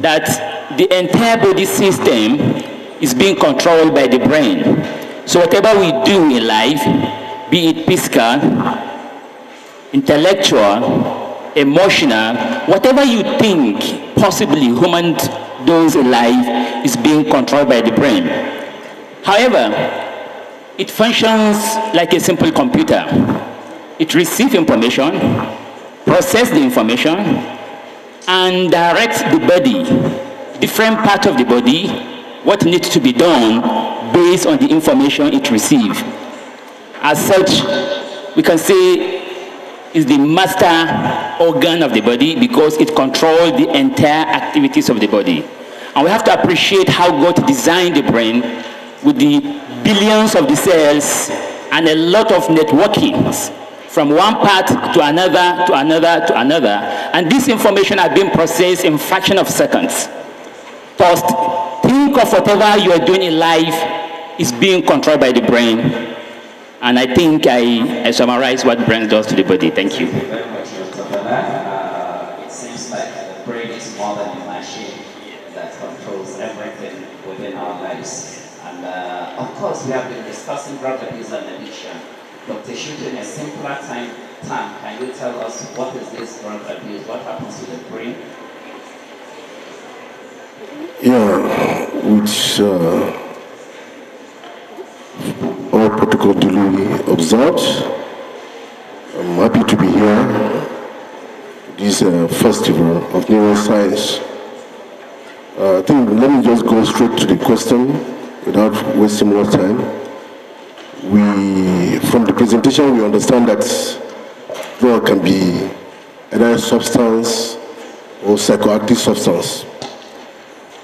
that the entire body system is being controlled by the brain. So whatever we do in life, be it physical, intellectual, emotional, whatever you think possibly human does in life is being controlled by the brain. However, it functions like a simple computer. It receives information, processes the information, and direct the body, different part of the body, what needs to be done based on the information it receives. As such, we can say is the master organ of the body because it controls the entire activities of the body. And we have to appreciate how God designed the brain with the billions of the cells and a lot of networkings from one part to another, to another, to another. And this information has been processed in fraction of seconds. First, think of whatever you are doing in life is being controlled by the brain. And I think I, I summarize what brain does to the body. Thank you. it seems like the brain is more than a machine that controls everything within our lives. And uh, of course, we have been discussing drug abuse and addiction. Dr. Shuto, in a simpler time, time, can you tell us what is this drug abuse? What happens to the brain? Yeah, which uh, all protocol duly observed. I'm happy to be here. This uh, festival of neuroscience. Uh, I think let me just go straight to the question without wasting more time we, from the presentation, we understand that there can be either substance or psychoactive substance.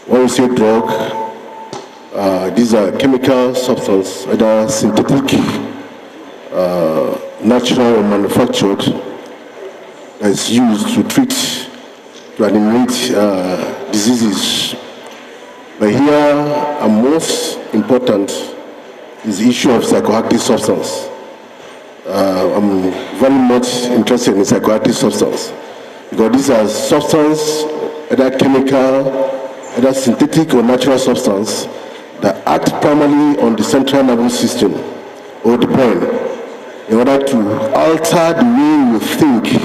When we say drug, uh, these are chemical substance, either synthetic, uh, natural or manufactured, that is used to treat, to eliminate uh, diseases. But here, are most important, is the issue of psychoactive substance. Uh, I'm very much interested in psychoactive substance because these are substance, either chemical, either synthetic or natural substance that act primarily on the central nervous system or the brain in order to alter the way we think,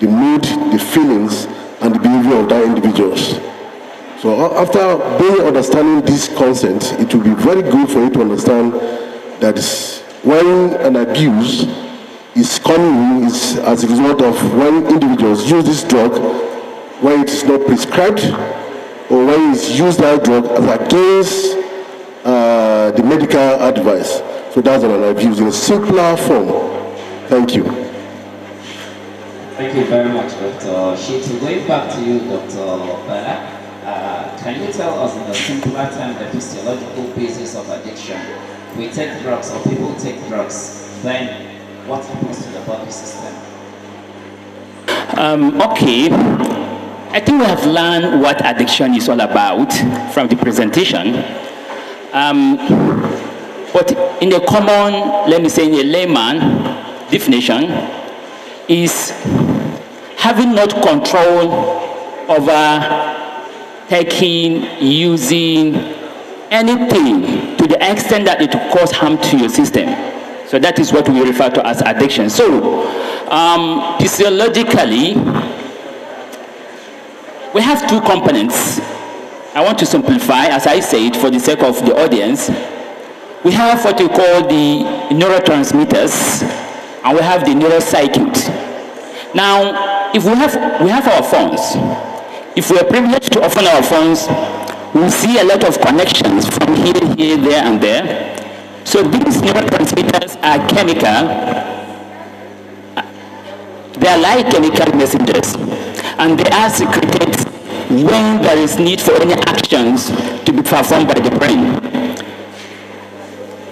the mood, the feelings, and the behavior of that individuals. So after being understanding this consent, it will be very good for you to understand that when an abuse is coming is as a result of when individuals use this drug, when it is not prescribed, or when it's used that drug as against uh, the medical advice. So that's an abuse in a simpler form. Thank you. Thank you very much, Dr. Sheet. Going back to you, Dr. Uh, can you tell us in the simpler term the physiological basis of addiction? We take drugs or people take drugs, then what happens to the body system? Um, okay. I think we have learned what addiction is all about from the presentation. Um, but in a common, let me say in a layman definition, is having not control over taking, using, anything to the extent that it will cause harm to your system. So that is what we refer to as addiction. So um, physiologically, we have two components. I want to simplify, as I said, for the sake of the audience. We have what we call the neurotransmitters, and we have the neurocircuit. Now, if we have, we have our phones, if we are privileged to open our phones, we see a lot of connections from here, here, there, and there. So these neurotransmitters are chemical. They are like chemical messengers, and they are secreted when there is need for any actions to be performed by the brain.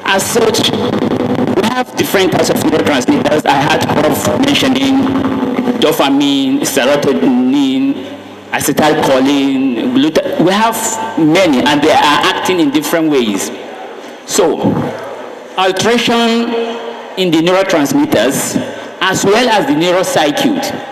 As such, we have different types of neurotransmitters. I had of mentioning dopamine, serotonin, acetylcholine, gluten. We have many, and they are acting in different ways. So, alteration in the neurotransmitters, as well as the neurocircuit.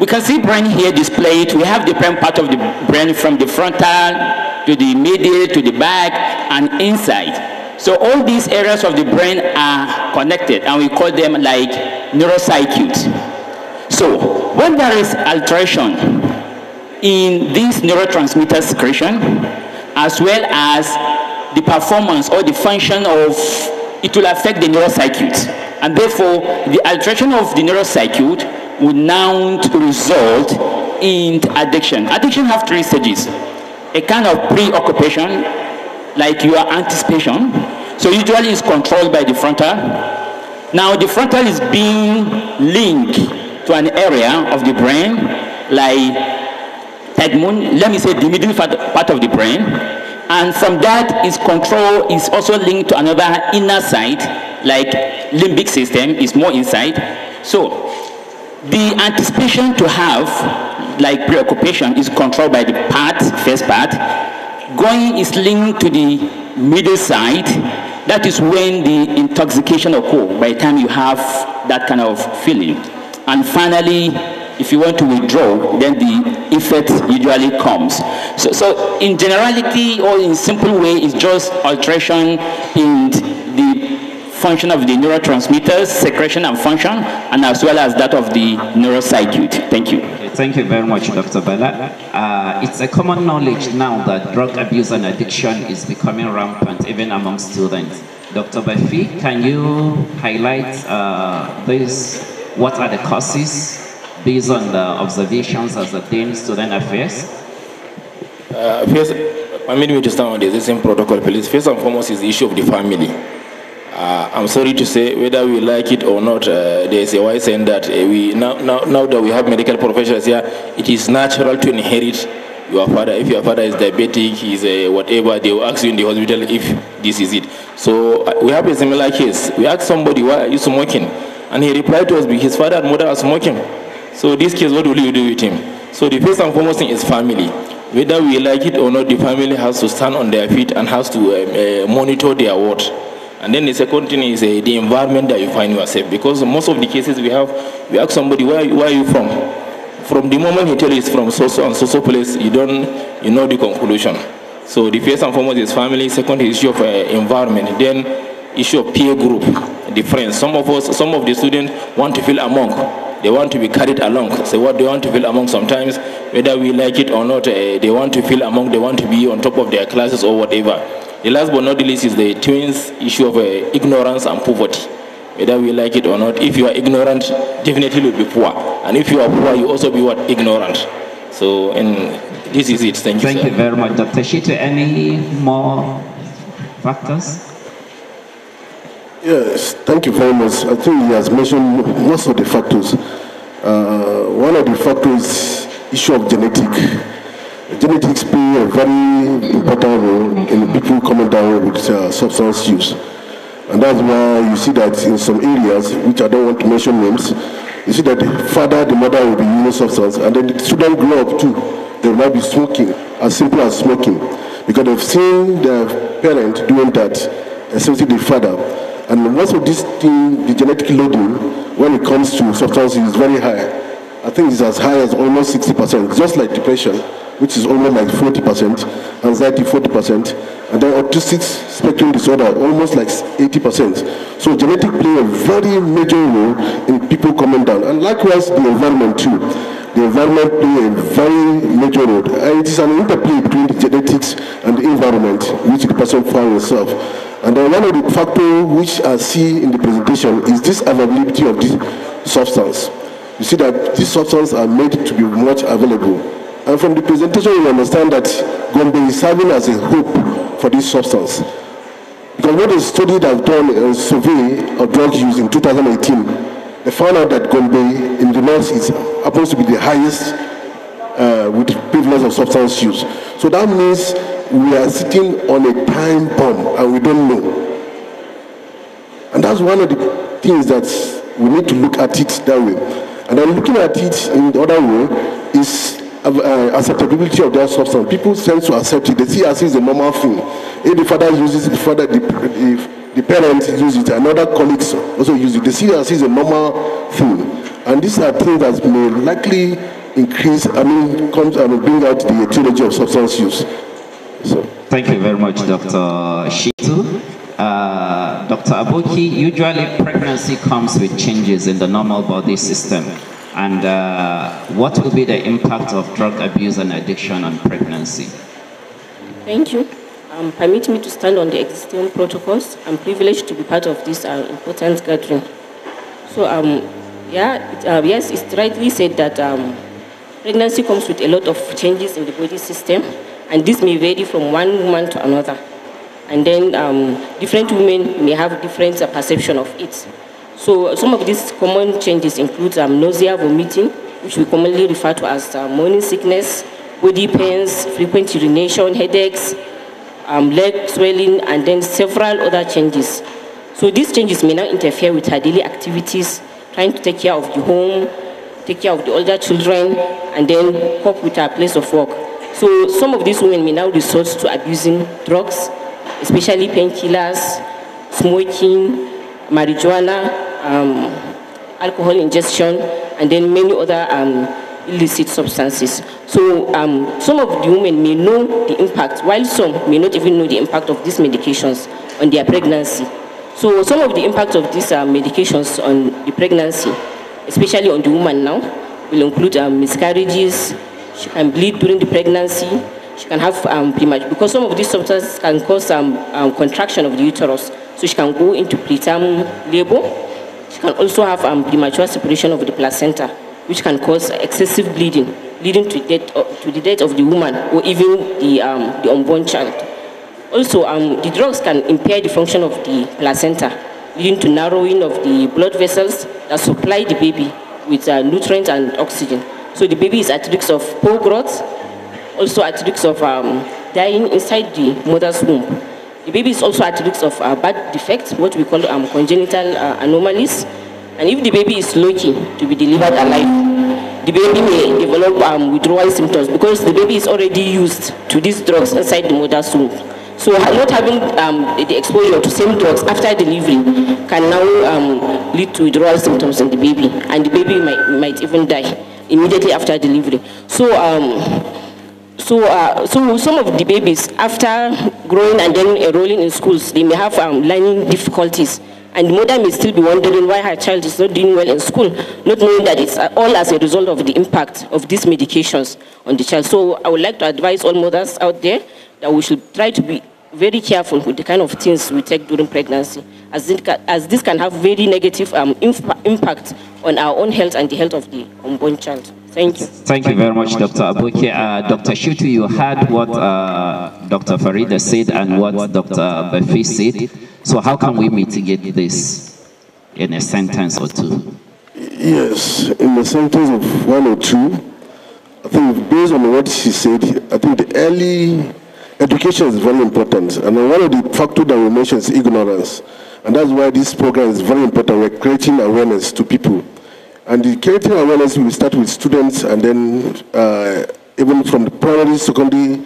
We can see brain here displayed. We have different part of the brain from the frontal to the medial to the back and inside. So all these areas of the brain are connected and we call them like neurocircuit. So when there is alteration in this neurotransmitter secretion, as well as the performance or the function of, it will affect the neurocircuit. And therefore, the alteration of the neurocircuit would now result in addiction. Addiction have three stages. A kind of preoccupation, like your anticipation. So usually it's controlled by the frontal. Now the frontal is being linked to an area of the brain like let me say the middle part of the brain, and from that is control is also linked to another inner side, like limbic system is more inside. So the anticipation to have, like preoccupation, is controlled by the part, first part. Going is linked to the middle side. That is when the intoxication occurs by the time you have that kind of feeling. And finally, if you want to withdraw, then the effect usually comes. So, so in generality or in simple way, it's just alteration in the function of the neurotransmitters, secretion and function, and as well as that of the neuropsychute. Thank you. Thank you very much, Dr. Bala. Uh, it's a common knowledge now that drug abuse and addiction is becoming rampant even among students. Dr. Bafi, can you highlight uh, this? What are the causes based on the observations as attained student affairs? Uh, first, permit me to start on the existing protocol, please. First and foremost is the issue of the family. Uh, I'm sorry to say, whether we like it or not, uh, there's a wise saying that uh, we now, now, now that we have medical professionals here, it is natural to inherit your father if your father is diabetic he's a whatever they will ask you in the hospital if this is it so uh, we have a similar case we asked somebody why are you smoking and he replied to us his father and mother are smoking so this case, what will you do with him? So the first and foremost thing is family. Whether we like it or not, the family has to stand on their feet and has to um, uh, monitor their word. And then the second thing is uh, the environment that you find yourself. Because most of the cases we have, we ask somebody, where, where are you from? From the moment he tells you it's from so and so place, you don't, you know the conclusion. So the first and foremost is family. Second is issue of uh, environment. Then issue of peer group, the friends. Some of us, some of the students want to feel among they want to be carried along. So what they want to feel among sometimes, whether we like it or not, uh, they want to feel among, they want to be on top of their classes or whatever. The last but not the least is the twins issue of uh, ignorance and poverty. Whether we like it or not, if you are ignorant, definitely you'll be poor. And if you are poor, you also be what? Ignorant. So, and this is it. Thank you, Thank sir. you very much, Dr. Shita. Any more factors? Yes, thank you very much. I think he has mentioned most of the factors. Uh, one of the factors is issue of genetic. Genetics play a very important role in people coming down with uh, substance use. And that's why you see that in some areas, which I don't want to mention names, you see that the father, the mother will be using substance, and then the children grow up too. They will not be smoking, as simple as smoking. Because they've seen their parent doing that, especially the father. And of this thing, the genetic loading, when it comes to substances is very high. I think it's as high as almost 60%, just like depression, which is almost like 40%, anxiety 40%, and then autistic spectrum disorder, almost like 80%. So genetic play a very major role in people coming down. And likewise, the environment too. The environment play a very major role. It is an interplay between the genetics and the environment which the person finds himself. And then one of the factors which I see in the presentation is this availability of this substance. You see that these substances are made to be much available. And from the presentation, you understand that Gombe is serving as a hope for this substance. Because what a study that I've done, a survey of drug use in 2018, they found out that Gombe in the north is supposed to be the highest uh, with prevalence of substance use. So that means we are sitting on a time bomb and we don't know. And that's one of the things that we need to look at it that way. And then looking at it in the other way is uh, uh acceptability of that substance. People tend to accept it. They see it as it's a normal thing. If the father uses it, the father, the, the, the parents use it, another colleague also uses it. They see it as it's a normal thing. And these are things that may likely increase, I mean, comes and bring out the etiology of substance use. So thank you very much, Dr. Shitu. Uh, Dr. Aboki, usually pregnancy comes with changes in the normal body system. And uh, what will be the impact of drug abuse and addiction on pregnancy? Thank you. Um, permit me to stand on the existing protocols. I'm privileged to be part of this uh, important gathering. So, um, yeah, it, uh, yes, it's rightly said that um, pregnancy comes with a lot of changes in the body system and this may vary from one woman to another. And then um, different women may have different uh, perception of it. So uh, some of these common changes include um, nausea, vomiting, which we commonly refer to as uh, morning sickness, body pains, frequent urination, headaches, um, leg swelling, and then several other changes. So these changes may now interfere with her daily activities, trying to take care of the home, take care of the older children, and then cope with her place of work. So some of these women may now resort to abusing drugs, especially painkillers, smoking, marijuana, um, alcohol ingestion, and then many other um, illicit substances. So um, some of the women may know the impact, while some may not even know the impact of these medications on their pregnancy. So some of the impact of these uh, medications on the pregnancy, especially on the woman now, will include um, miscarriages, she can bleed during the pregnancy, she can have um, premature, because some of these substances can cause some um, contraction of the uterus, so she can go into preterm labor. She can also have um, premature separation of the placenta, which can cause excessive bleeding, leading to, death, uh, to the death of the woman or even the, um, the unborn child. Also, um, the drugs can impair the function of the placenta, leading to narrowing of the blood vessels that supply the baby with uh, nutrients and oxygen. So the baby is at risk of poor growth, also at risk of um, dying inside the mother's womb. The baby is also at risk of uh, defects, what we call um, congenital uh, anomalies. And if the baby is lucky to be delivered alive, the baby may develop um, withdrawal symptoms because the baby is already used to these drugs inside the mother's womb. So not having um, the exposure to same drugs after delivery can now um, lead to withdrawal symptoms in the baby, and the baby might, might even die immediately after delivery. So, um, so, uh, so some of the babies, after growing and then enrolling in schools, they may have um, learning difficulties. And the mother may still be wondering why her child is not doing well in school, not knowing that it's all as a result of the impact of these medications on the child. So I would like to advise all mothers out there that we should try to be very careful with the kind of things we take during pregnancy, as, as this can have very negative um, impact on our own health and the health of the unborn child. Thank you. Thank you very much, Dr. Abuki. Uh, Dr. Shutu, you heard what uh, Dr. Farida said and what Dr. Bafi said. So how can we mitigate this in a sentence or two? Yes, in a sentence of one or two, I think based on what she said, I think the early Education is very important, and one of the factors that we mention is ignorance. And that's why this program is very important. We're creating awareness to people. And the creating awareness will start with students and then uh, even from the primary, secondary,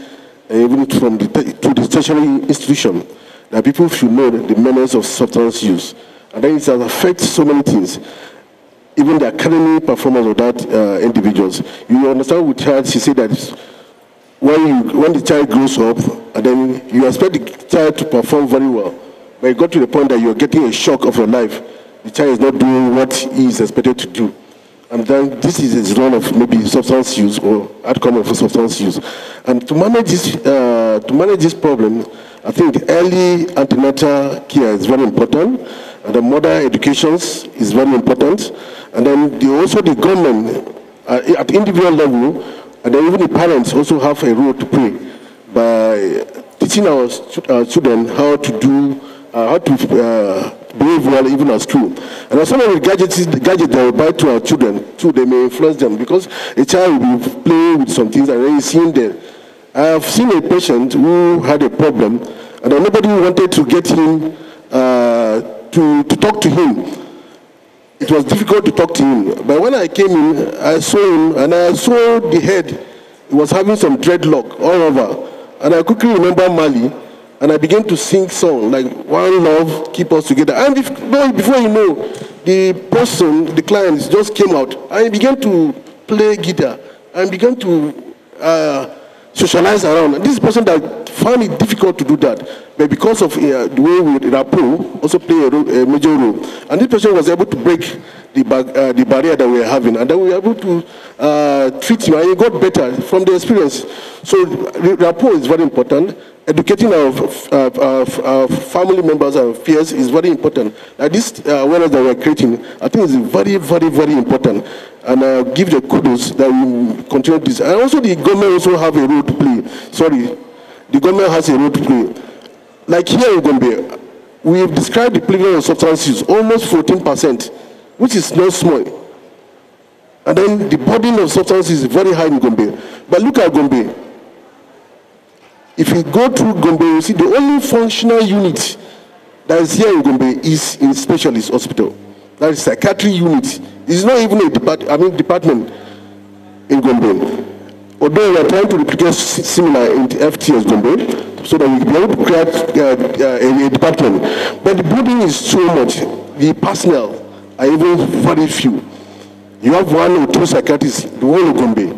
even from the to the tertiary institution, that people should know the menace of substance use. And then it affected so many things, even the academic performance of that uh, individuals. You understand with her, she said that when you when the child grows up and then you expect the child to perform very well but you got to the point that you're getting a shock of your life the child is not doing what he is expected to do and then this is a result of maybe substance use or outcome of substance use and to manage this uh, to manage this problem i think the early antenatal care is very important and the mother education is very important and then the, also the government uh, at individual level and even the parents also have a role to play by teaching our, stu our uh, students how to do, uh, how to uh, behave well even at school. And some of the gadgets, the gadgets that we buy to our children, too, they may influence them because a child will be playing with some things and then have seeing them. I have seen a patient who had a problem and nobody wanted to get him uh, to, to talk to him it was difficult to talk to him. But when I came in, I saw him and I saw the head. He was having some dreadlock all over. And I quickly remember Mali and I began to sing song like One Love, Keep Us Together. And before you know, the person, the client just came out and he began to play guitar and began to uh, socialize around. And this person that found it difficult to do that, but because of uh, the way we rapport also play a, role, a, major role. And this person was able to break the, uh, the barrier that we are having, and then we were able to uh, treat you and you got better from the experience. So rapport is very important. Educating our, our, uh, our uh, family members and peers is very important. At this awareness that we're creating, I think is very, very, very important. And I give the kudos that we continue this. And also the government also have a role to play. Sorry, the government has a role to play. Like here in Gombe, we have described the prevalence of substance use, almost 14%, which is not small. And then the burden of substance is very high in Gombe. But look at Gombe. If you go through Gombe, you see the only functional unit that is here in Gombe is in specialist hospital. That is psychiatry unit. It's not even a depart I mean department in Gombe. Although we are trying to replicate similar in the FTS Gombe, so that we can able to create uh, uh, a, department. But the burden is so much. The personnel are even very few. You have one or two psychiatrists, the whole of Gombe,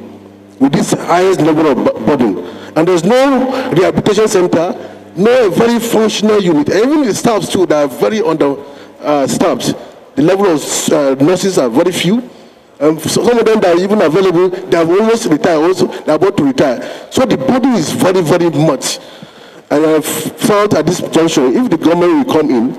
with this highest level of burden. And there's no rehabilitation center, no very functional unit. Even the staffs too, they are very under Uh, the level of uh, nurses are very few. Um, so some of them that are even available, they have almost retired also, they are about to retire. So the burden is very, very much. And I felt at this juncture, if the government will come in,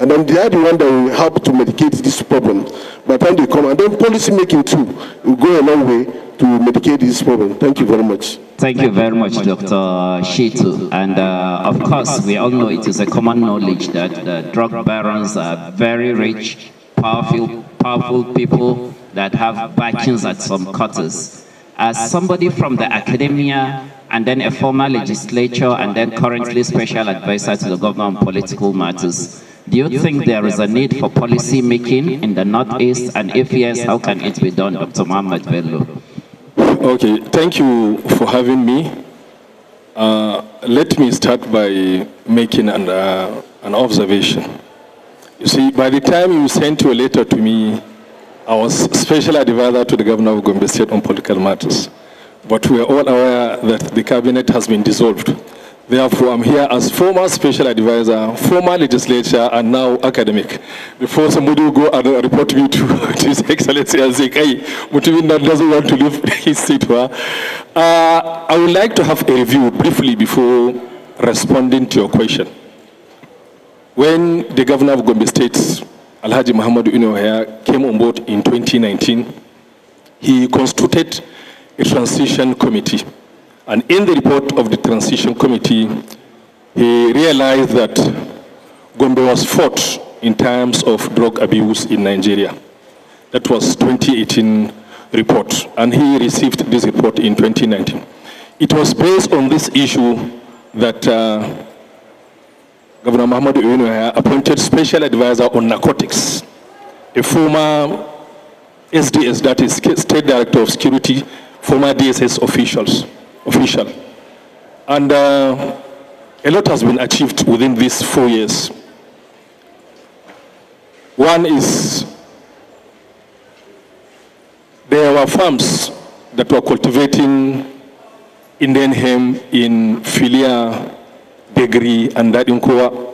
and then they are the one that will help to medicate this problem. By the time they come, and then policy making too will go a long way to medicate this problem. Thank you very much. Thank, you very much, Dr. Shitu. And uh, of course, we all know it is a common knowledge that the uh, drug barons are very rich, powerful, powerful people that have backings at some quarters. As somebody from the academia and then a former legislature and then currently special advisor to the government on political matters, do you think there is a need for policy making in the Northeast? And if yes, how can it be done, Dr. Mohamed Bello? Okay, thank you for having me. Uh, let me start by making an, uh, an observation. You see, by the time you sent your letter to me, I was special advisor to the governor of Gombe State on political matters. But we are all aware that the cabinet has been dissolved. Therefore, I'm here as former special advisor, former legislature, and now academic. Before somebody will go and report me to, to His Excellency and say, hey, Mutubin doesn't want to leave his seat. Huh? Uh, I would like to have a review briefly before responding to your question. When the governor of Gombe State, Alhaji Muhammad Unohaya, came on board in 2019, he constituted a transition committee and in the report of the transition committee, he realized that Gombe was fought in terms of drug abuse in Nigeria. That was 2018 report, and he received this report in 2019. It was based on this issue that uh, Governor Mohamed Uwinu appointed special advisor on narcotics, a former SDS, that is State Director of Security, former DSS officials official. And uh, a lot has been achieved within these four years. One is there were farms that were cultivating Indian hemp in Filia, Degri, and Dadinkowa.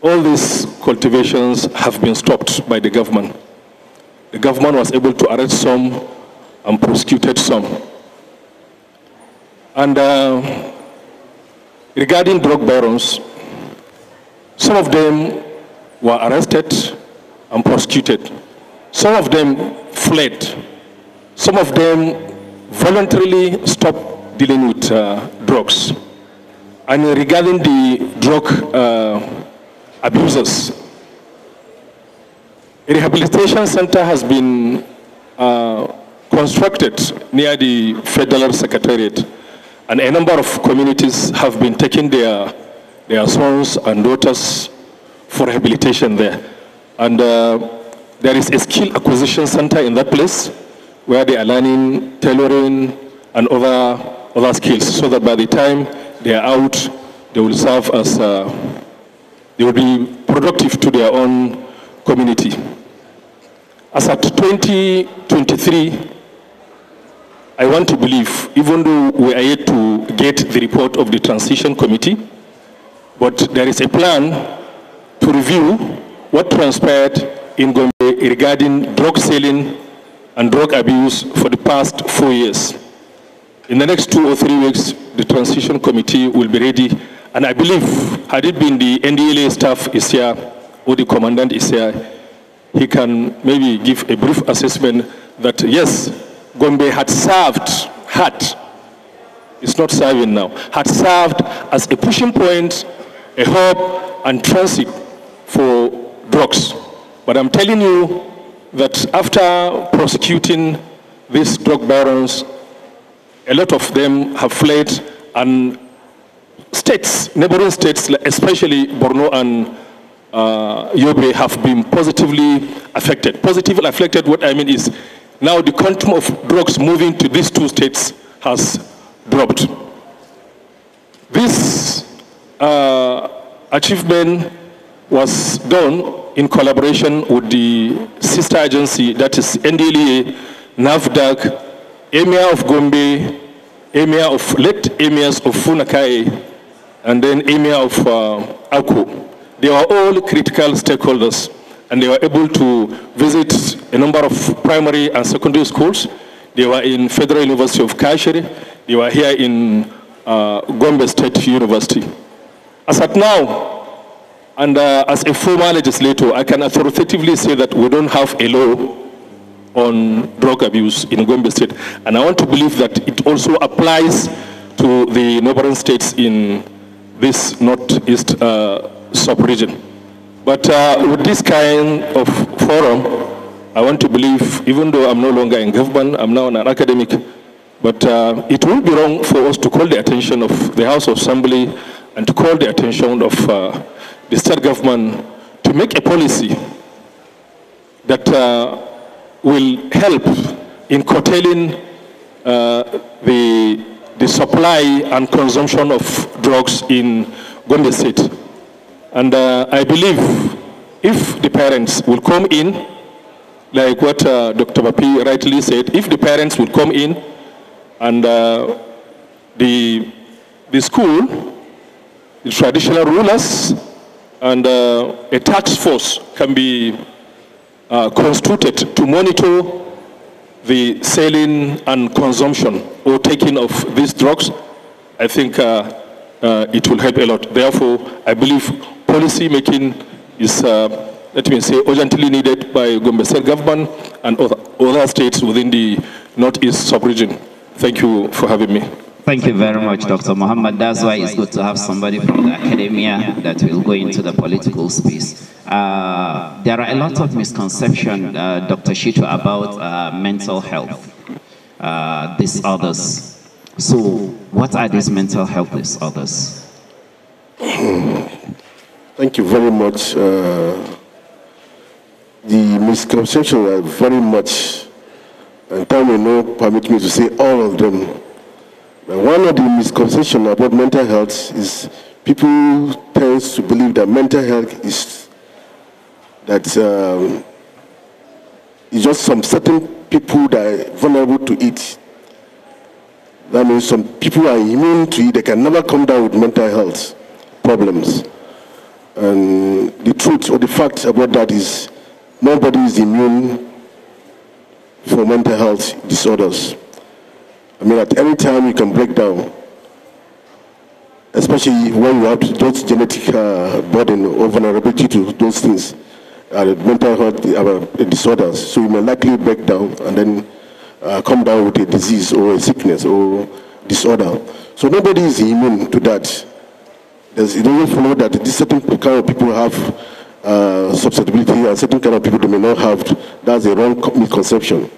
All these cultivations have been stopped by the government. The government was able to arrest some and prosecuted some. And uh, regarding drug barons, some of them were arrested and prosecuted. Some of them fled. Some of them voluntarily stopped dealing with uh, drugs. And regarding the drug uh, abusers, a rehabilitation center has been uh, constructed near the Federal Secretariat and a number of communities have been taking their, their sons and daughters for rehabilitation there. And uh, there is a skill acquisition center in that place where they are learning tailoring and other, other skills so that by the time they are out, they will serve as, uh, they will be productive to their own community. As at 2023, I want to believe, even though we are yet to get the report of the transition committee, but there is a plan to review what transpired in Gombe regarding drug selling and drug abuse for the past four years. In the next two or three weeks, the transition committee will be ready. And I believe, had it been the NDLA staff is here, or the commandant is here, he can maybe give a brief assessment that, yes, Gombe had served, had, it's not serving now, had served as a pushing point, a hub, and transit for drugs. But I'm telling you that after prosecuting these drug barons, a lot of them have fled and states, neighboring states, especially Borno and uh, Yobe have been positively affected. Positively affected, what I mean is now the quantum of drugs moving to these two states has dropped. This uh, achievement was done in collaboration with the sister agency, that is NDLEA, NAVDAG, Emir of Gombe, Emir of late Emirs of Funakai, and then Emir of uh, Aku. They were all critical stakeholders and they were able to visit a number of primary and secondary schools. They were in Federal University of Kashiri. They were here in uh, Gombe State University. As at now, and uh, as a former legislator, I can authoritatively say that we don't have a law on drug abuse in Gombe State. And I want to believe that it also applies to the neighboring states in this northeast uh, sub-region. But uh, with this kind of forum, I want to believe, even though I'm no longer in government, I'm now an academic, but uh, it will be wrong for us to call the attention of the House of Assembly and to call the attention of uh, the state government to make a policy that uh, will help in curtailing uh, the, the supply and consumption of drugs in Gondi State. And uh, I believe if the parents will come in, like what uh, Dr. Bapi rightly said, if the parents will come in and uh, the, the school, the traditional rulers, and uh, a task force can be uh, constituted to monitor the selling and consumption or taking of these drugs, I think uh, uh, it will help a lot. Therefore, I believe policy making is, uh, let me say, urgently needed by Gombe state government and other, states within the northeast sub-region. Thank you for having me. Thank you very much, Dr. Muhammad. That's why it's good to have somebody from the academia that will go into the political space. Uh, there are a lot of misconceptions, uh, Dr. Shito, about uh, mental health disorders. Uh, so what are these mental health disorders? Thank you very much. Uh, the misconceptions are very much, and time will not permit me to say all of them. But one of the misconceptions about mental health is people tend to believe that mental health is that um, it's just some certain people that are vulnerable to it. That means some people are immune to it, they can never come down with mental health problems. And the truth or the fact about that is nobody is immune for mental health disorders. I mean, at any time you can break down, especially when you have those genetic uh, burden or vulnerability to those things, uh, mental health uh, disorders. So you may likely break down and then uh, come down with a disease or a sickness or disorder. So nobody is immune to that it doesn't follow that this certain kind of people have uh, susceptibility and certain kind of people may not have. That's a wrong misconception.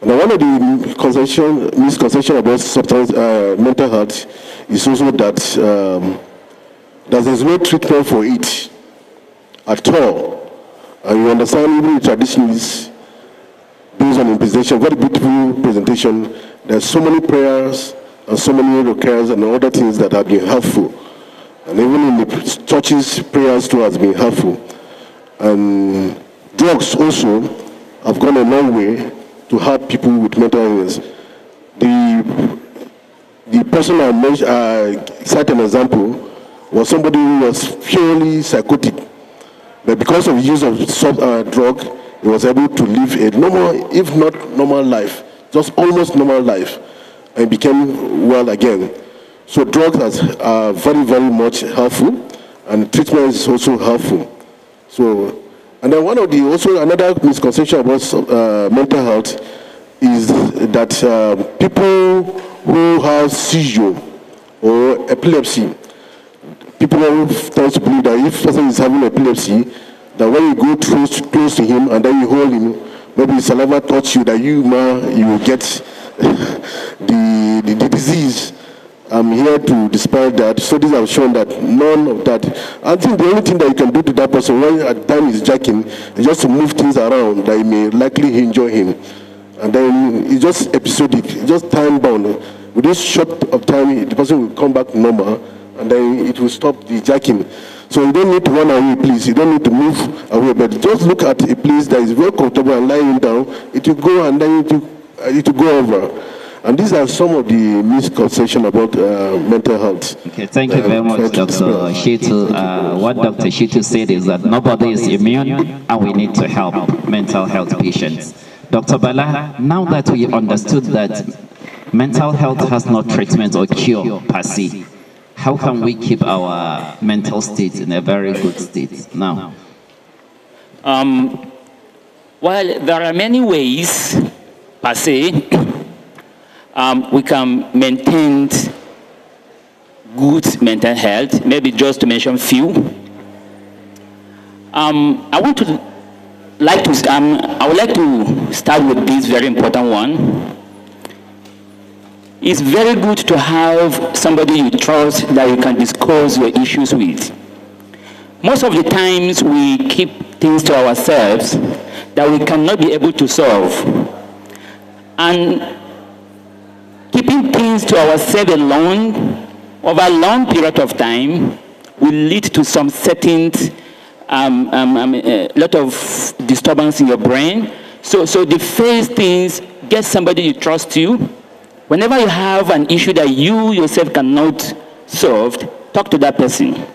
Now, one of the misconceptions about substance, uh, mental health is also that um, there is no treatment for it at all. And you understand, even the traditions, based on imposition, very beautiful presentation, there's so many prayers and so many rituals and other things that have been helpful and even in the churches, prayers too has been helpful. And drugs also have gone a long way to help people with mental illness. The, the person I, mentioned, I cite an example was somebody who was purely psychotic. But because of use of sub, uh, drug, he was able to live a normal, if not normal life, just almost normal life, and became well again. So drugs are very, very much helpful, and treatment is also helpful. So, and then one of the also another misconception about uh, mental health is that uh, people who have seizure or epilepsy, people tend to believe that if person is having epilepsy, that when you go close, close to him and then you hold him, maybe saliva touch you, that you, ma, you will get the, the, the disease. I'm here to dispel that. Studies have shown that none of that. I think the only thing that you can do to that person when at time is jacking is just to move things around that may likely injure him. And then it's just episodic, just time bound. With this short of time, the person will come back normal and then it will stop the jacking. So you don't need to run away, please. You don't need to move away, but just look at a place that is very comfortable and lying down. It will go and then it will, it will go over. And these are some of the misconceptions about uh, mental health. Okay, thank you uh, very much, Dr. Shitu. Uh, what Dr. Shitu said is that nobody is immune and we need to help mental health patients. Dr. Bala, now that we understood that mental health has no treatment or cure per se, how can we keep our mental state in a very good state now? Um, well, there are many ways per se um, we can maintain good mental health, maybe just to mention few. Um, I want to like to um, I would like to start with this very important one. It's very good to have somebody you trust that you can discuss your issues with. Most of the times we keep things to ourselves that we cannot be able to solve. And things to ourselves alone over a long period of time will lead to some certain um, um, um, uh, lot of disturbance in your brain. So, so the first things, get somebody to trust you. Whenever you have an issue that you yourself cannot solve, talk to that person.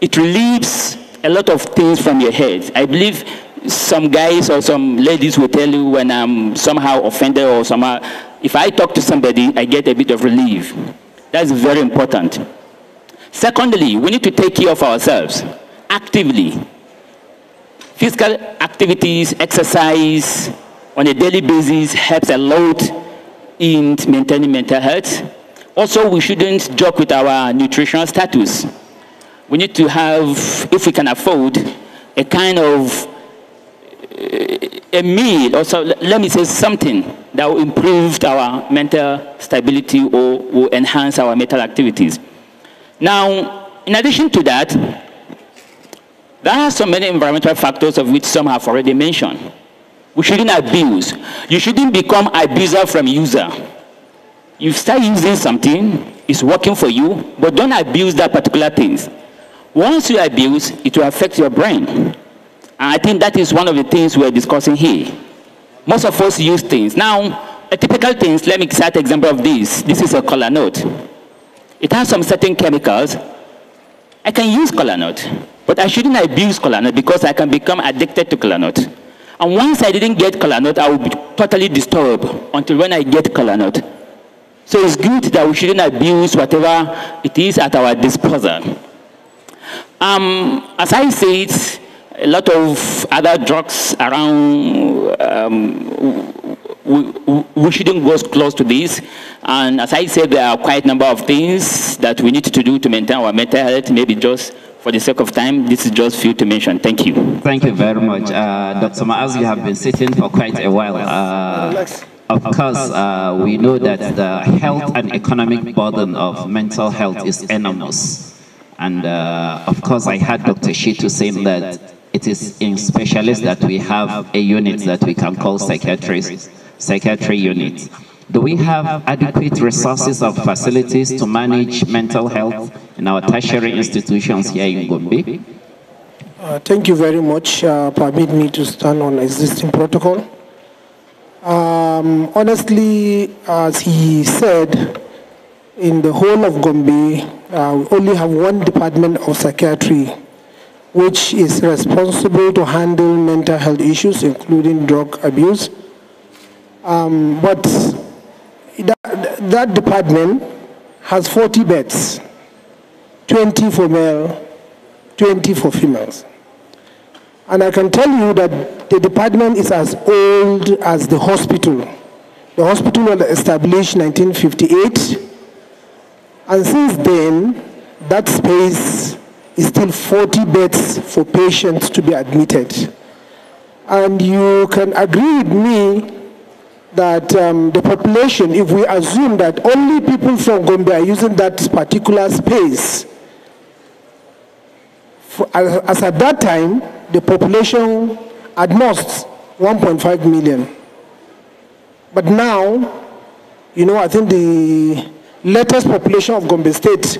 It relieves a lot of things from your head. I believe some guys or some ladies will tell you when I'm somehow offended or somehow if I talk to somebody, I get a bit of relief. That's very important. Secondly, we need to take care of ourselves actively. Physical activities, exercise on a daily basis helps a lot in maintaining mental health. Also, we shouldn't joke with our nutritional status. We need to have, if we can afford, a kind of eh, a meal, or so, let me say something that will improve our mental stability or will enhance our mental activities. Now, in addition to that, there are so many environmental factors of which some have already mentioned. We shouldn't abuse. You shouldn't become abuser from user. You start using something, it's working for you, but don't abuse that particular thing. Once you abuse, it will affect your brain. And I think that is one of the things we're discussing here. Most of us use things. Now, a typical things, let me cite an example of this. This is a color note. It has some certain chemicals. I can use color note, but I shouldn't abuse color note because I can become addicted to color note. And once I didn't get color note, I will be totally disturbed until when I get color note. So it's good that we shouldn't abuse whatever it is at our disposal. Um, as I said, a lot of other drugs around. Um, we, we, shouldn't go close to this. And as I said, there are quite a number of things that we need to do to maintain our mental health, maybe just for the sake of time, this is just few to mention. Thank you. Thank you very much. Uh, Dr. Maaz, you have been sitting for quite a while. Uh, of course, uh, we know that the health and economic burden of mental health is enormous. And uh, of course, I had Dr. Shitu saying that it is in specialists that we have a unit that we can call psychiatrists, psychiatry unit. Do we have adequate resources or facilities to manage mental health in our tertiary institutions here in Gombe? Uh, thank you very much. Uh, permit me to stand on existing protocol. Um, honestly, as he said, in the whole of Gombe, uh, we only have one department of psychiatry which is responsible to handle mental health issues, including drug abuse. Um, but that, that department has 40 beds, 20 for male, 20 for females. And I can tell you that the department is as old as the hospital. The hospital was established in 1958. And since then, that space is still 40 beds for patients to be admitted. And you can agree with me that um, the population, if we assume that only people from Gombe are using that particular space, for, as, as at that time, the population at most 1.5 million. But now, you know, I think the latest population of Gombe State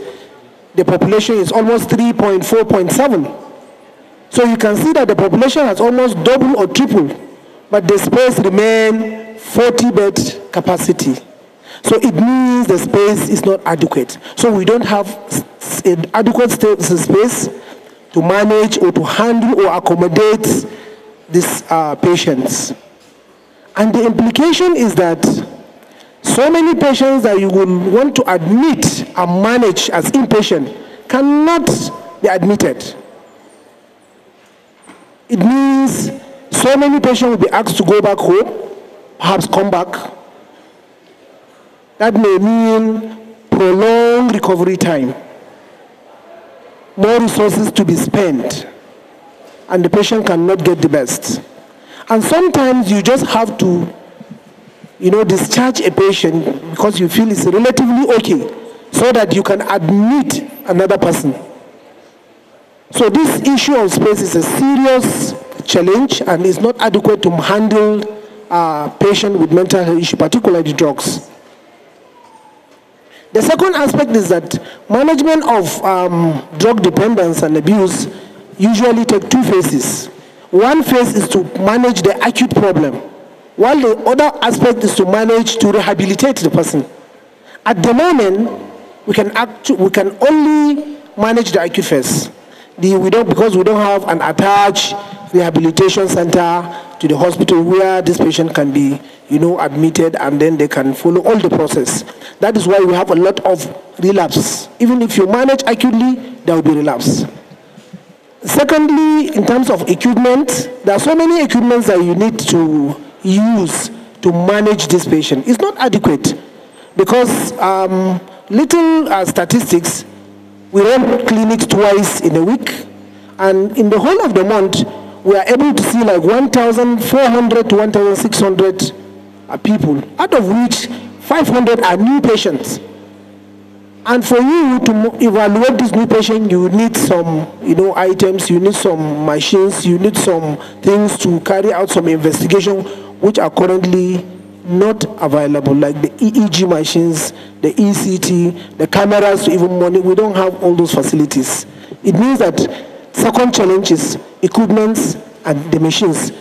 the population is almost 3.4.7. So you can see that the population has almost doubled or tripled, but the space remains 40 bed capacity. So it means the space is not adequate. So we don't have adequate space to manage or to handle or accommodate these uh, patients. And the implication is that so many patients that you would want to admit and manage as inpatient cannot be admitted. It means so many patients will be asked to go back home, perhaps come back. That may mean prolonged recovery time, more resources to be spent, and the patient cannot get the best. And sometimes you just have to you know, discharge a patient because you feel it's relatively okay so that you can admit another person. So this issue of space is a serious challenge and is not adequate to handle a uh, patient with mental health issue, particularly drugs. The second aspect is that management of um, drug dependence and abuse usually take two phases. One phase is to manage the acute problem, while the other aspect is to manage to rehabilitate the person. At the moment, we can act, we can only manage the acute phase. The, we don't, because we don't have an attached rehabilitation center to the hospital where this patient can be you know admitted and then they can follow all the process that is why we have a lot of relapse even if you manage acutely there will be relapse secondly in terms of equipment there are so many equipments that you need to use to manage this patient is not adequate because um, little uh, statistics, we run clinics twice in a week, and in the whole of the month, we are able to see like 1,400 to 1,600 uh, people, out of which 500 are new patients. And for you to evaluate this new patient, you need some, you know, items, you need some machines, you need some things to carry out some investigation which are currently not available, like the EEG machines, the ECT, the cameras even money. We don't have all those facilities. It means that second challenge is equipments and the machines.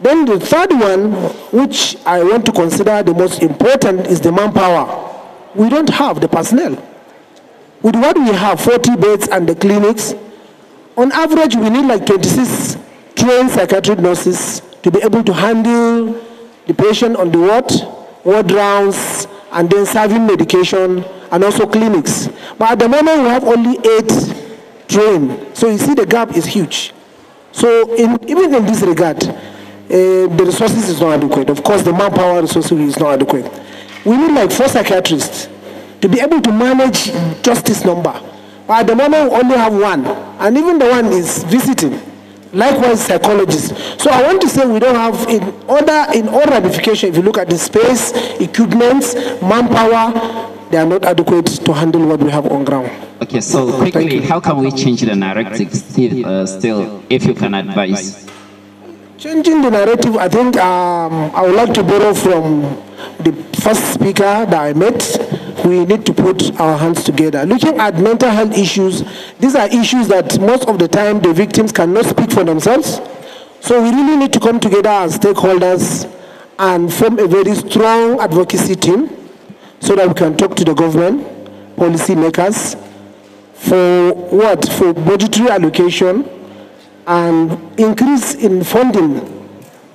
Then the third one, which I want to consider the most important, is the manpower. We don't have the personnel. With what we have, 40 beds and the clinics, on average we need like 26 trained psychiatric nurses to be able to handle the patient on the ward, ward rounds, and then serving medication and also clinics. But at the moment, we have only eight trained. So you see the gap is huge. So in, even in this regard, uh, the resources is not adequate. Of course, the manpower resources is not adequate. We need like four psychiatrists to be able to manage just this number. But at the moment, we only have one. And even the one is visiting likewise psychologists. So I want to say we don't have in order in all ramification. If you look at the space, equipment, manpower, they are not adequate to handle what we have on ground. Okay, so quickly, how can we change the narrative still, uh, still if you can advise? Changing the narrative, I think um, I would like to borrow from the first speaker that I met we need to put our hands together. Looking at mental health issues, these are issues that most of the time the victims cannot speak for themselves. So we really need to come together as stakeholders and form a very strong advocacy team so that we can talk to the government, policy makers, for what? For budgetary allocation and increase in funding,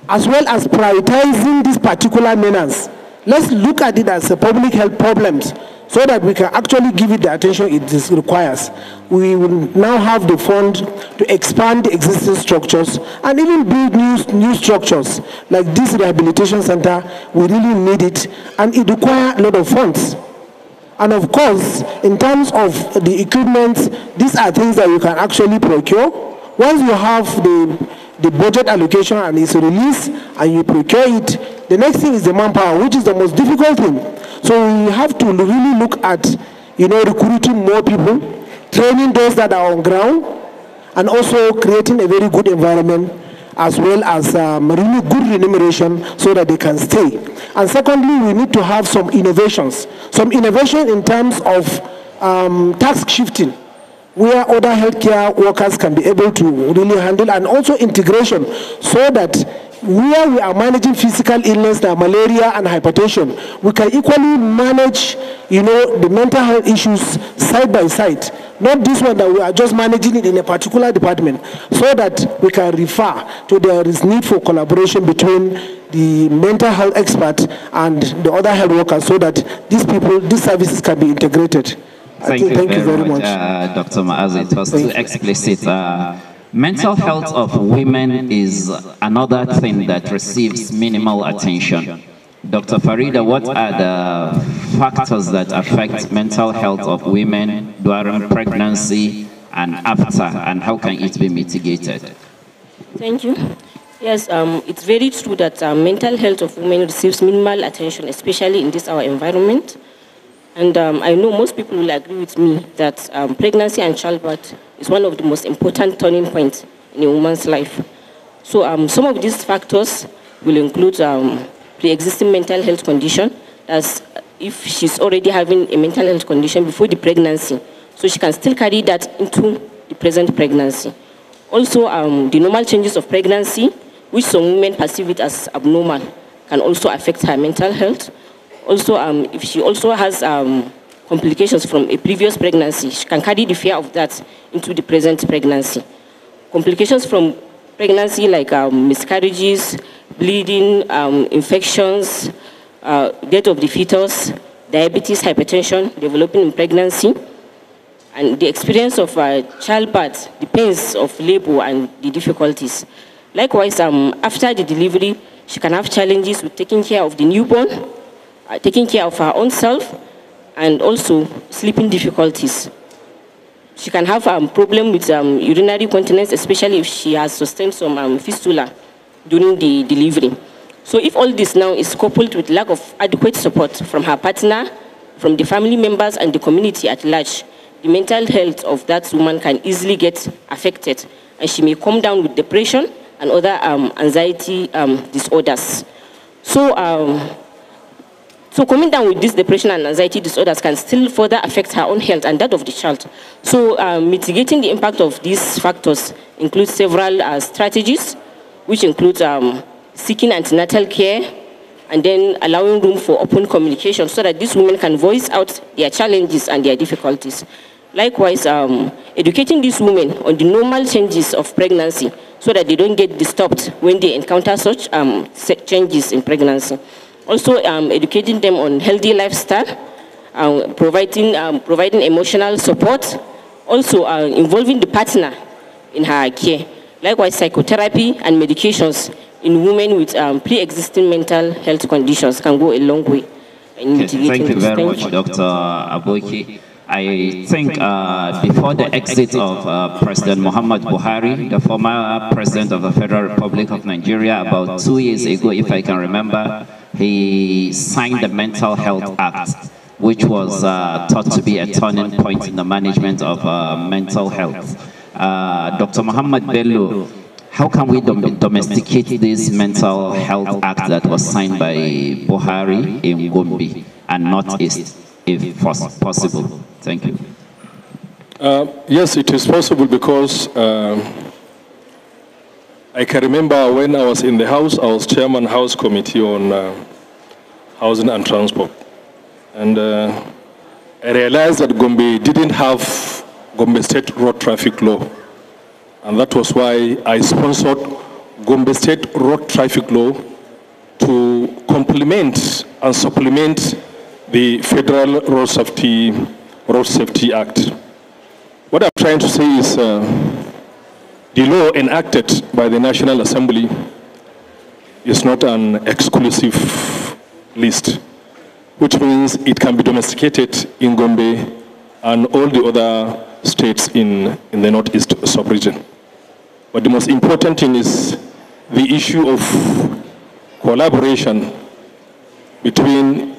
as well as prioritizing these particular menace let's look at it as a public health problems so that we can actually give it the attention it requires. We will now have the fund to expand existing structures and even build new, new structures like this rehabilitation center. We really need it and it requires a lot of funds. And of course, in terms of the equipment, these are things that you can actually procure. Once you have the the budget allocation and its release and you procure it. The next thing is the manpower, which is the most difficult thing. So we have to really look at, you know, recruiting more people, training those that are on ground, and also creating a very good environment as well as um, really good remuneration so that they can stay. And secondly, we need to have some innovations, some innovation in terms of um, task shifting where other healthcare workers can be able to really handle and also integration so that where we are managing physical illness like malaria and hypertension, we can equally manage, you know, the mental health issues side by side. Not this one that we are just managing it in a particular department, so that we can refer to there is need for collaboration between the mental health expert and the other health workers so that these people, these services can be integrated. Thank, you, thank very you, very much, much. Uh, Dr. Maaz. It was too explicit. Uh, mental health of women is another thing that receives minimal attention. Dr. Farida, what are the factors that affect mental health of women during pregnancy and after, and how can it be mitigated? Thank you. Yes, um, it's very true that uh, mental health of women receives minimal attention, especially in this our environment. And um, I know most people will agree with me that um, pregnancy and childbirth is one of the most important turning points in a woman's life. So um, some of these factors will include um, pre-existing mental health condition, as if she's already having a mental health condition before the pregnancy, so she can still carry that into the present pregnancy. Also, um, the normal changes of pregnancy, which some women perceive it as abnormal, can also affect her mental health also, um, if she also has um, complications from a previous pregnancy, she can carry the fear of that into the present pregnancy. Complications from pregnancy like um, miscarriages, bleeding, um, infections, uh, death of the fetus, diabetes, hypertension, developing in pregnancy, and the experience of uh, childbirth, the pains of labor and the difficulties. Likewise, um, after the delivery, she can have challenges with taking care of the newborn, uh, taking care of her own self and also sleeping difficulties. She can have a um, problem with um, urinary continence, especially if she has sustained some um, fistula during the delivery. So if all this now is coupled with lack of adequate support from her partner, from the family members and the community at large, the mental health of that woman can easily get affected and she may come down with depression and other um, anxiety um, disorders. So um, so coming down with this depression and anxiety disorders can still further affect her own health and that of the child. So uh, mitigating the impact of these factors includes several uh, strategies, which includes um, seeking antenatal care and then allowing room for open communication so that these women can voice out their challenges and their difficulties. Likewise, um, educating these women on the normal changes of pregnancy so that they don't get disturbed when they encounter such um, changes in pregnancy. Also um, educating them on healthy lifestyle, um, providing, um, providing emotional support, also uh, involving the partner in her care. Likewise, psychotherapy and medications in women with um, pre-existing mental health conditions can go a long way. Okay, thank you very much, Dr. Aboki. I think uh, before the exit of uh, President Muhammad Buhari, the former President of the Federal Republic of Nigeria, about two years ago, if I can remember, he signed the Mental Health Act, which was uh, thought to be a turning point in the management of uh, mental health. Uh, Dr. Muhammad Bello, how can we dom domesticate this Mental Health Act that was signed by Buhari in Gombe and not if possible? Thank you. Uh, yes, it is possible because uh, I can remember when I was in the House, I was Chairman House Committee on uh, Housing and Transport. And uh, I realized that Gombe didn't have Gombe State Road Traffic Law. And that was why I sponsored Gombe State Road Traffic Law to complement and supplement the Federal Road Safety, Road Safety Act. What I'm trying to say is uh, the law enacted by the National Assembly is not an exclusive list, which means it can be domesticated in Gombe and all the other states in, in the Northeast sub-region. But the most important thing is the issue of collaboration between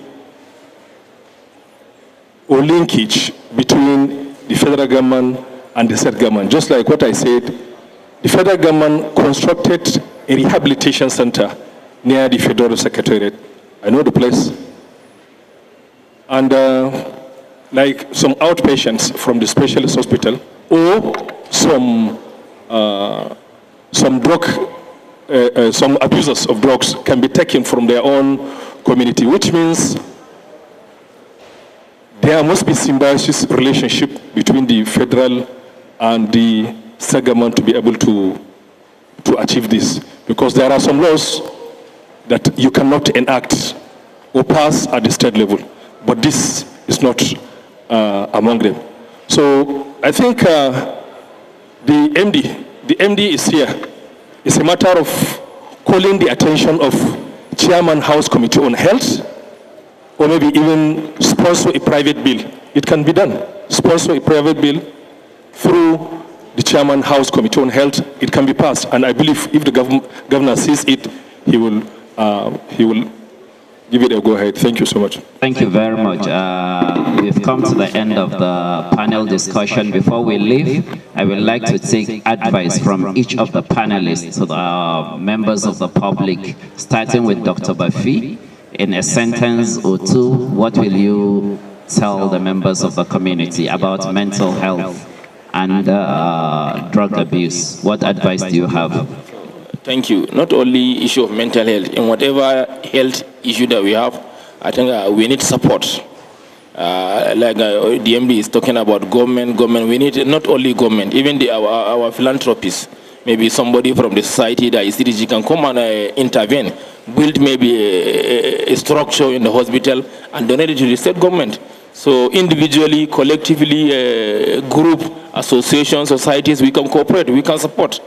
or linkage between the federal government and the state government. Just like what I said the federal government constructed a rehabilitation center near the federal secretariat. I know the place. And uh, like some outpatients from the specialist hospital or some, uh, some drug, uh, uh some abusers of drugs can be taken from their own community, which means there must be symbiosis relationship between the federal and the Sagamon to be able to, to achieve this. Because there are some laws that you cannot enact or pass at the state level. But this is not uh, among them. So I think uh, the MD, the MD is here. It's a matter of calling the attention of Chairman House Committee on Health, or maybe even sponsor a private bill. It can be done. Sponsor a private bill through the chairman house committee on health, it can be passed. And I believe if the gov governor sees it, he will, uh, he will give it a go ahead. Thank you so much. Thank you very much. Uh, we've come to the end of the panel discussion. Before we leave, I would like to take advice from each of the panelists to the uh, members of the public, starting with Dr. Bafi. In a sentence or two, what will you tell the members of the community about mental health and uh, drug abuse. What advice do you have? Thank you. Not only issue of mental health, in whatever health issue that we have, I think uh, we need support. Uh, like uh, DMD is talking about government, government. We need not only government, even the, our, our philanthropists. Maybe somebody from the society that is CDG can come and uh, intervene, build maybe a, a, a structure in the hospital and donate it to the state government. So individually, collectively, uh, group, association, societies, we can cooperate, we can support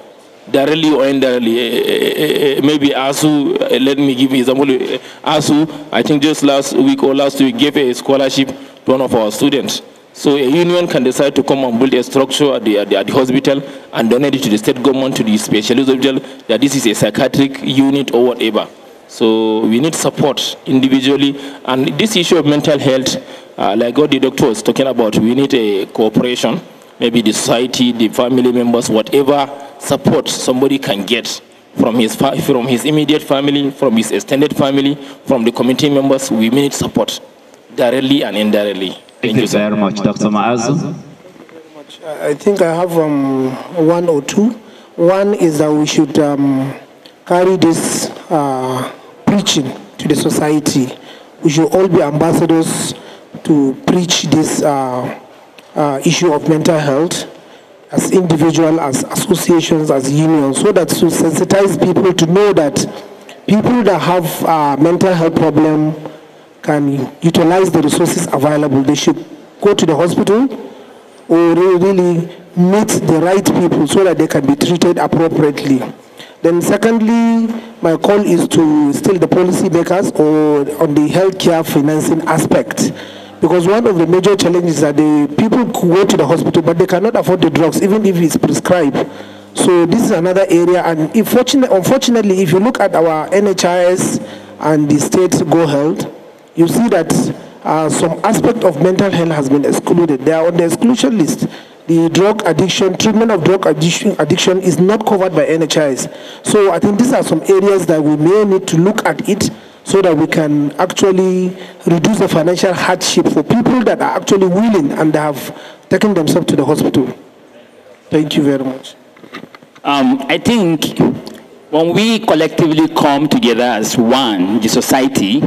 directly or indirectly. Uh, uh, maybe ASU, let me give you example. ASU, I think just last week or last week, gave a scholarship to one of our students. So a union can decide to come and build a structure at the, at the, at the hospital and donate it to the state government, to the specialist hospital, that this is a psychiatric unit or whatever. So we need support individually. And this issue of mental health, uh, like what the doctor was talking about, we need a cooperation, maybe the society, the family members, whatever support somebody can get from his, from his immediate family, from his extended family, from the community members, we need support directly and indirectly. Thank, Thank you very much, Dr. Maazu. I think I have um, one or two. One is that we should um, carry this uh, preaching to the society. We should all be ambassadors to preach this uh, uh, issue of mental health as individuals, as associations, as unions, so that to sensitize people to know that people that have uh, mental health problem can utilize the resources available. They should go to the hospital or really meet the right people so that they can be treated appropriately. Then secondly, my call is to still the policy makers or on the healthcare financing aspect. Because one of the major challenges is that the people go to the hospital, but they cannot afford the drugs, even if it's prescribed. So this is another area. And if unfortunately, if you look at our NHIS and the state go health, you see that uh, some aspect of mental health has been excluded. They are on the exclusion list the drug addiction, treatment of drug addiction, addiction is not covered by NHIs. So I think these are some areas that we may need to look at it so that we can actually reduce the financial hardship for people that are actually willing and have taken themselves to the hospital. Thank you very much. Um, I think when we collectively come together as one, the society,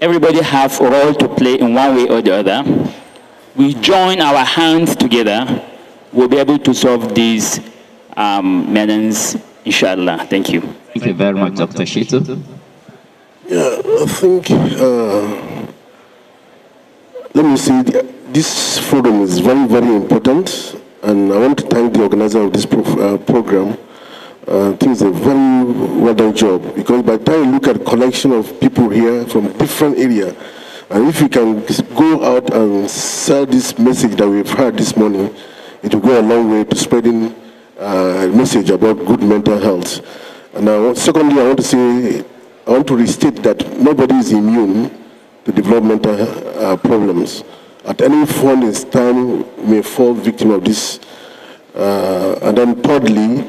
everybody have a role to play in one way or the other we join our hands together, we'll be able to solve these um, inshallah. Thank you. Thank you very much, Dr. Shito. Yeah, I think, uh, let me say, this forum is very, very important, and I want to thank the organizer of this pro uh, program. Uh, it's a very well done job because by the time you look at collection of people here from different areas, and if we can go out and sell this message that we've heard this morning, it will go a long way to spreading uh, a message about good mental health. And now, secondly, I want to say, I want to restate that nobody is immune to developmental uh, problems. At any point in time, may fall victim of this. Uh, and then thirdly,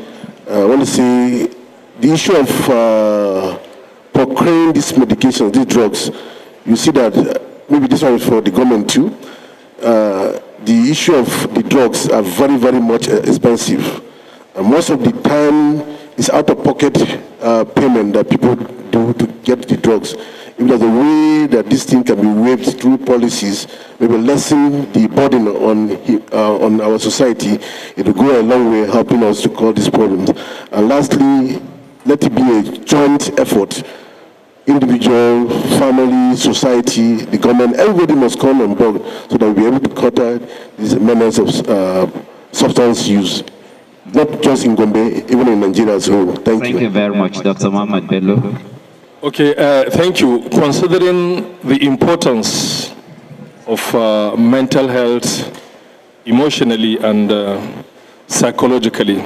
I want to say the issue of uh, procuring these medications, these drugs, you see that uh, maybe this one is for the government too. Uh, the issue of the drugs are very, very much uh, expensive. And most of the time, it's out-of-pocket uh, payment that people do to get the drugs. If there's a way that this thing can be waived through policies, maybe lessen the burden on uh, on our society, it will go a long way helping us to call these problems. And lastly, let it be a joint effort individual, family, society, the government, everybody must come on board so that we're able to cut out this menace of uh, substance use, not just in Gombe, even in Nigeria as well. Thank, Thank you. you very much, Dr. Mohamed Bello. Okay, uh, thank you. Considering the importance of uh, mental health emotionally and uh, psychologically,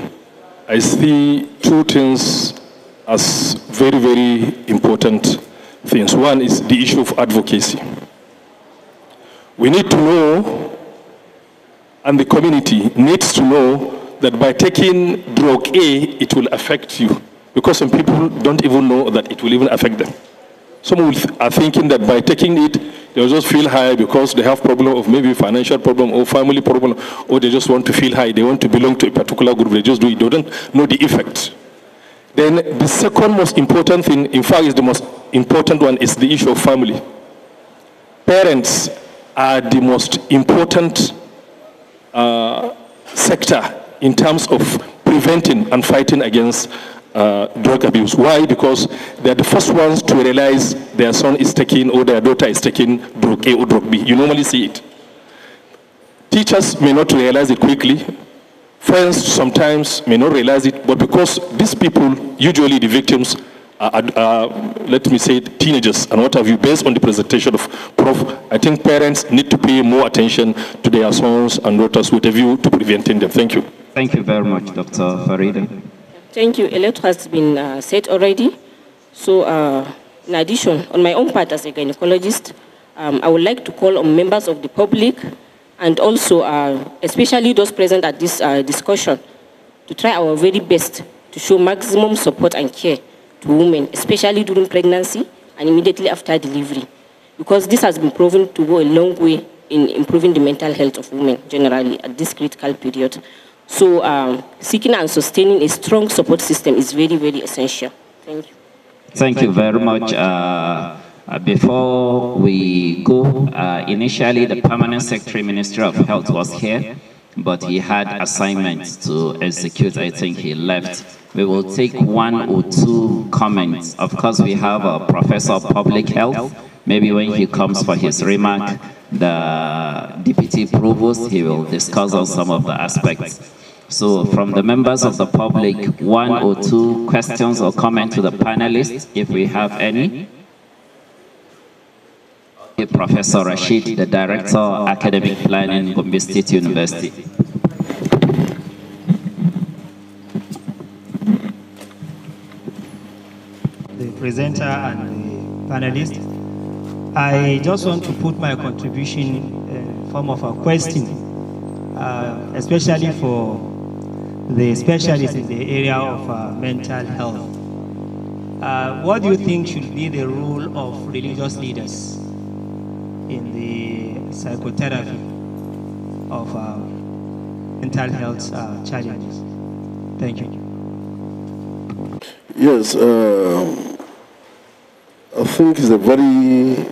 I see two things as very, very important things. One is the issue of advocacy. We need to know, and the community needs to know, that by taking drug A, it will affect you. Because some people don't even know that it will even affect them. Some are thinking that by taking it, they'll just feel high because they have problem of maybe financial problem or family problem, or they just want to feel high. They want to belong to a particular group. They just do it. They don't know the effect. Then the second most important thing, in fact, is the most important one, is the issue of family. Parents are the most important uh, sector in terms of preventing and fighting against uh, drug abuse. Why? Because they're the first ones to realize their son is taking or their daughter is taking drug A or drug B. You normally see it. Teachers may not realize it quickly, Friends sometimes may not realize it, but because these people, usually the victims, are, are, let me say, teenagers and what have you, based on the presentation of Prof, I think parents need to pay more attention to their sons and daughters with a view to preventing them. Thank you. Thank you very much, Dr. Farida. Thank you. A lot has been uh, said already. So, uh, in addition, on my own part as a gynecologist, um, I would like to call on members of the public and also uh, especially those present at this uh, discussion to try our very best to show maximum support and care to women, especially during pregnancy and immediately after delivery, because this has been proven to go a long way in improving the mental health of women generally at this critical period. So um, seeking and sustaining a strong support system is very, very essential. Thank you. Thank, Thank you very, very much. much. Uh, uh, before we go, uh, initially the permanent secretary minister of health was here, but he had assignments to execute. I think he left. We will take one or two comments. Of course, we have a professor of public health. Maybe when he comes for his remark, the deputy provost, he will discuss on some of the aspects. So from the members of the public, one or two questions or comment to the panelists, if we have any. Professor Rashid, the Director, Academic Planning, Gombe State University. The presenter and the panelist, I just want to put my contribution uh, in form of a question, uh, especially for the specialists in the area of uh, mental health. Uh, what do you think should be the role of religious leaders in the psychotherapy of uh, mental health uh, challenges. Thank you. Yes, uh, I think it's a very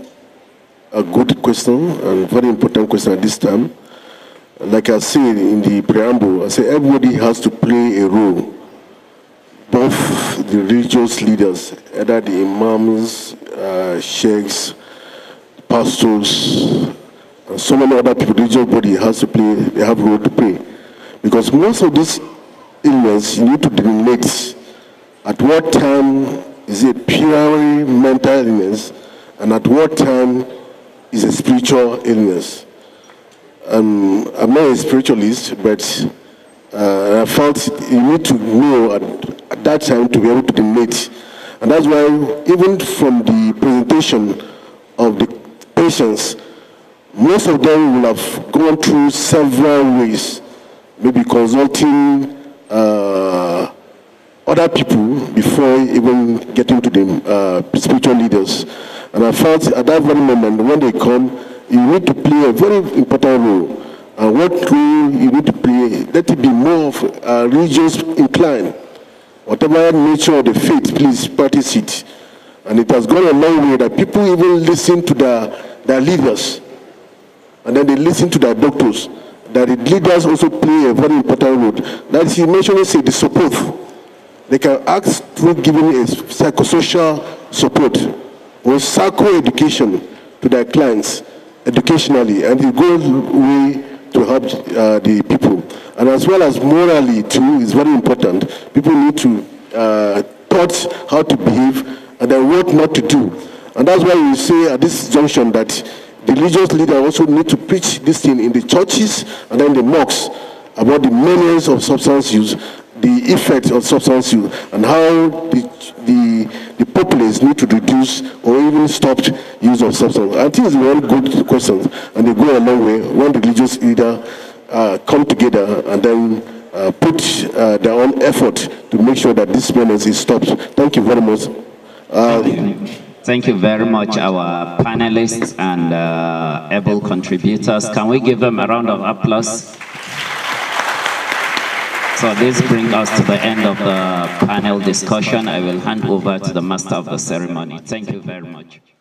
a good question and very important question at this time. Like I said in the preamble, I say everybody has to play a role. Both the religious leaders, either the imams, uh, sheikhs, pastors, and so many other people, religious body has to play, they have a role to play. Because most of these illness, you need to delineate at what time is it purely mental illness and at what time is a spiritual illness. Um, I'm not a spiritualist, but uh, I felt you need to know at, at, that time to be able to delineate. And that's why even from the presentation of the patients, most of them will have gone through several ways, maybe consulting uh, other people before even getting to the uh, spiritual leaders. And I felt at that very moment, when they come, you need to play a very important role. And what role you need to play, let it be more of a religious incline. Whatever nature of the faith, please practice it. And it has gone a long way that people even listen to the their leaders, and then they listen to their doctors. That the leaders also play a very important role. That is, he mentioned, say, the support. They can ask through giving a psychosocial support or psycho education to their clients educationally, and it goes way to help uh, the people. And as well as morally, too, is very important. People need to uh, taught how to behave and then what not to do. And that's why we say at this junction that the religious leader also need to preach this thing in the churches and then the mosques about the menace of substance use, the effect of substance use, and how the, the, the populace need to reduce or even stop use of substance. I think it's all good questions, and they go a long way when the religious leader uh, come together and then uh, put uh, their own effort to make sure that this menace is stopped. Thank you very much. Uh, Thank you very much, our panelists and uh, able contributors. Can we give them a round of applause? So this brings us to the end of the panel discussion. I will hand over to the master of the ceremony. Thank you very much.